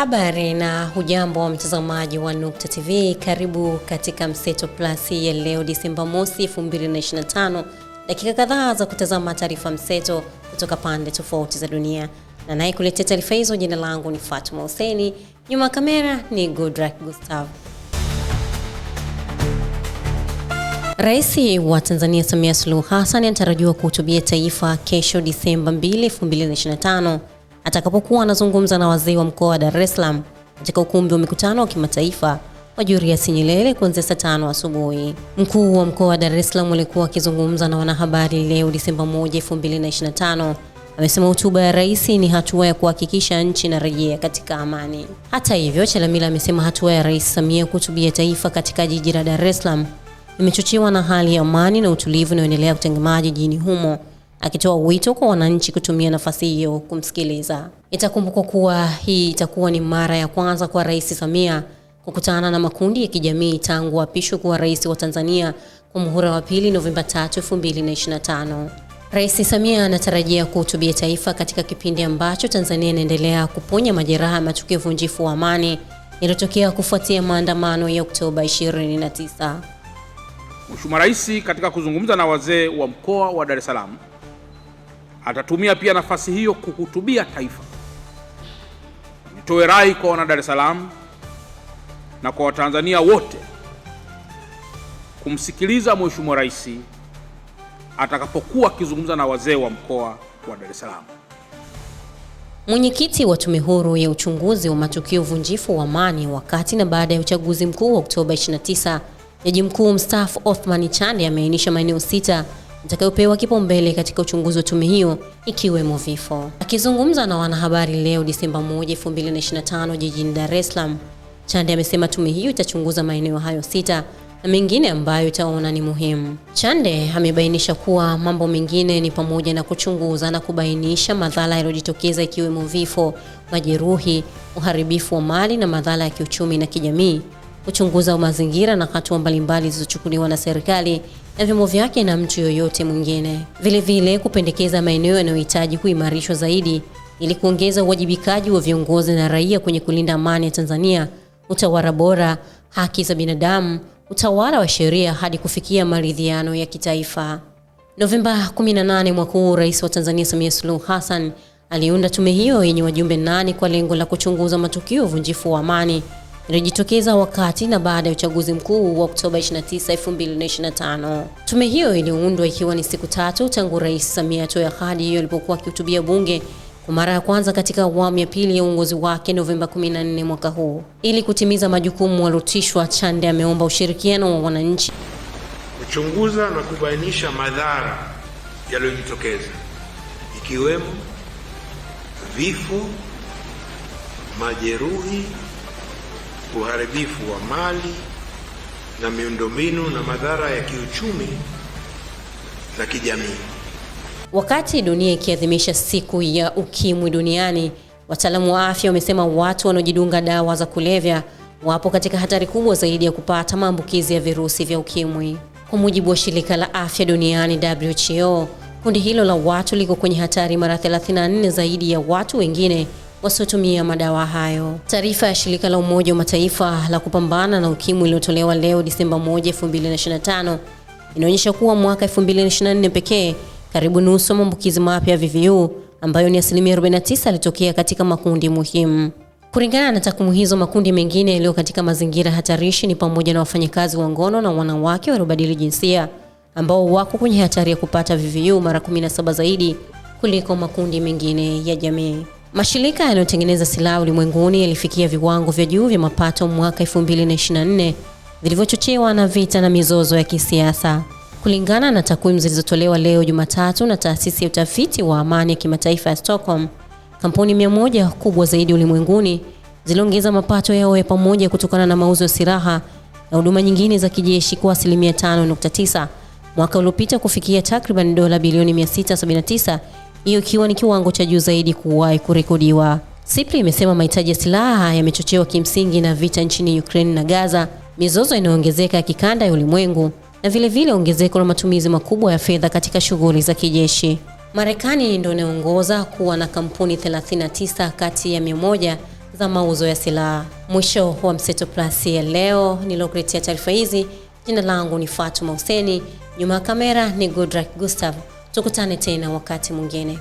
Habari na hujambo mtazamaji wa Nukta TV, karibu katika Mseto Plus ya leo Disemba mosi 2025, dakika kadhaa za kutazama taarifa mseto kutoka pande tofauti za dunia, na naye kuletea taarifa hizo, jina langu ni Fatuma Huseni, nyuma ya kamera ni Goodrak Gustav. Rais wa Tanzania Samia Suluhu Hassan anatarajiwa kuhutubia taifa kesho Disemba 2, 2025 atakapokuwa anazungumza na wazee wa mkoa wa Dar es Salaam katika ukumbi wa mikutano wa kimataifa wa Julius Nyerere kuanzia saa tano asubuhi. Mkuu wa mkoa wa Dar es Salaam alikuwa akizungumza na wanahabari leo Disemba 1, 2025. Amesema hotuba ya rais ni hatua ya kuhakikisha nchi inarejea katika amani. Hata hivyo, Chalamila amesema hatua ya Rais Samia kuhutubia taifa katika jiji la Dar es Salaam imechochewa na hali ya amani na utulivu inayoendelea kutengemaa jijini humo akitoa wito kwa wananchi kutumia nafasi hiyo kumsikiliza. Itakumbukwa kuwa hii itakuwa ni mara ya kwanza kwa Rais Samia kukutana na makundi ya kijamii tangu apishwe kuwa rais wa Tanzania kwa muhula wa pili Novemba 3, 2025. Rais Samia anatarajia kuhutubia taifa katika kipindi ambacho Tanzania inaendelea kuponya majeraha ya matukio vunjifu wa amani yaliyotokea kufuatia maandamano ya Oktoba 29. Mheshimiwa Rais katika kuzungumza na wazee wa mkoa wa Dar es Salaam Atatumia pia nafasi hiyo kuhutubia taifa. Nitoe rai kwa wana Dar es Salaam na kwa Watanzania wote kumsikiliza Mheshimiwa Rais atakapokuwa akizungumza na wazee wa mkoa wa Dar es Salaam. Mwenyekiti wa Tume Huru ya Uchunguzi wa Matukio Vunjifu wa Amani wakati na baada ya uchaguzi mkuu wa Oktoba 29, Jaji Mkuu mstaafu Othman Chande ameainisha maeneo sita itakayopewa kipaumbele katika uchunguzi wa tume hiyo ikiwemo vifo. Akizungumza na wanahabari leo Disemba 1, 2025 jijini Dar es Salaam, Chande amesema tume hiyo itachunguza maeneo hayo sita na mengine ambayo itaona ni muhimu. Chande amebainisha kuwa mambo mengine ni pamoja na kuchunguza na kubainisha madhara yaliyojitokeza ikiwemo vifo, majeruhi, uharibifu wa mali na madhara ya kiuchumi na kijamii kuchunguza mazingira na hatua mbalimbali zilizochukuliwa na serikali na vyombo vyake na mtu yoyote mwingine. Vilevile kupendekeza maeneo yanayohitaji kuimarishwa zaidi ili kuongeza uwajibikaji wa viongozi na raia kwenye kulinda amani ya Tanzania, utawala bora, haki za binadamu, utawala wa sheria hadi kufikia maridhiano ya kitaifa. Novemba 18 mwaka huu, Rais wa Tanzania Samia Suluhu Hassan aliunda tume hiyo yenye wajumbe nane kwa lengo la kuchunguza matukio ya uvunjifu wa amani inayojitokeza wakati na baada ya uchaguzi mkuu wa Oktoba 29, 2025. Tume hiyo iliyoundwa ikiwa ni siku tatu tangu Rais Samia toya Hadi hiyo alipokuwa akihutubia bunge kwa mara ya kwanza katika awamu ya pili ya uongozi wake Novemba 14 mwaka huu. Ili kutimiza majukumu walotishwa, Chande ameomba ushirikiano wa wananchi kuchunguza na kubainisha madhara yaliyojitokeza ikiwemo vifo, majeruhi uharibifu wa mali na miundombinu na madhara ya kiuchumi na kijamii. Wakati dunia ikiadhimisha siku ya ukimwi duniani, wataalamu wa afya wamesema watu wanaojidunga dawa za kulevya wapo katika hatari kubwa zaidi ya kupata maambukizi ya virusi vya ukimwi. Kwa mujibu wa shirika la afya duniani WHO, kundi hilo la watu liko kwenye hatari mara 34 zaidi ya watu wengine wasiotumia madawa hayo. Taarifa ya shirika la Umoja wa Mataifa la kupambana na ukimwi iliyotolewa leo Disemba 1, 2025 inaonyesha kuwa mwaka 2024 pekee karibu nusu ya maambukizi mapya ya VVU ambayo ni asilimia 49 yalitokea katika makundi muhimu. Kulingana na takwimu hizo, makundi mengine yaliyo katika mazingira hatarishi ni pamoja na wafanyakazi wa ngono na wanawake waliobadili jinsia ambao wako kwenye hatari ya kupata VVU mara 17 zaidi kuliko makundi mengine ya jamii. Mashirika yanayotengeneza silaha ulimwenguni yalifikia viwango vya juu vya mapato mwaka 2024 vilivyochochewa na vita na mizozo ya kisiasa. Kulingana na takwimu zilizotolewa leo Jumatatu na taasisi ya utafiti wa amani ya kimataifa ya Stockholm, kampuni mia moja kubwa zaidi ulimwenguni ziliongeza mapato yao ya pamoja kutokana na mauzo ya silaha na huduma nyingine za kijeshi kwa asilimia 5.9 mwaka uliopita kufikia takriban dola bilioni 679 hiyo ikiwa ni kiwango cha juu zaidi kuwahi kurekodiwa. Sipri imesema mahitaji ya silaha yamechochewa kimsingi na vita nchini Ukraine na Gaza, mizozo inayoongezeka ya kikanda ya ulimwengu na vilevile ongezeko la matumizi makubwa ya fedha katika shughuli za kijeshi. Marekani ndio inaongoza kuwa na kampuni 39 kati ya 100 za mauzo ya silaha. Mwisho wa Mseto Plus ya leo, nilokuletea taarifa hizi, jina langu ni Fatuma Huseni, nyuma ya kamera ni Godrak Gustav. Tukutane tena wakati mwingine.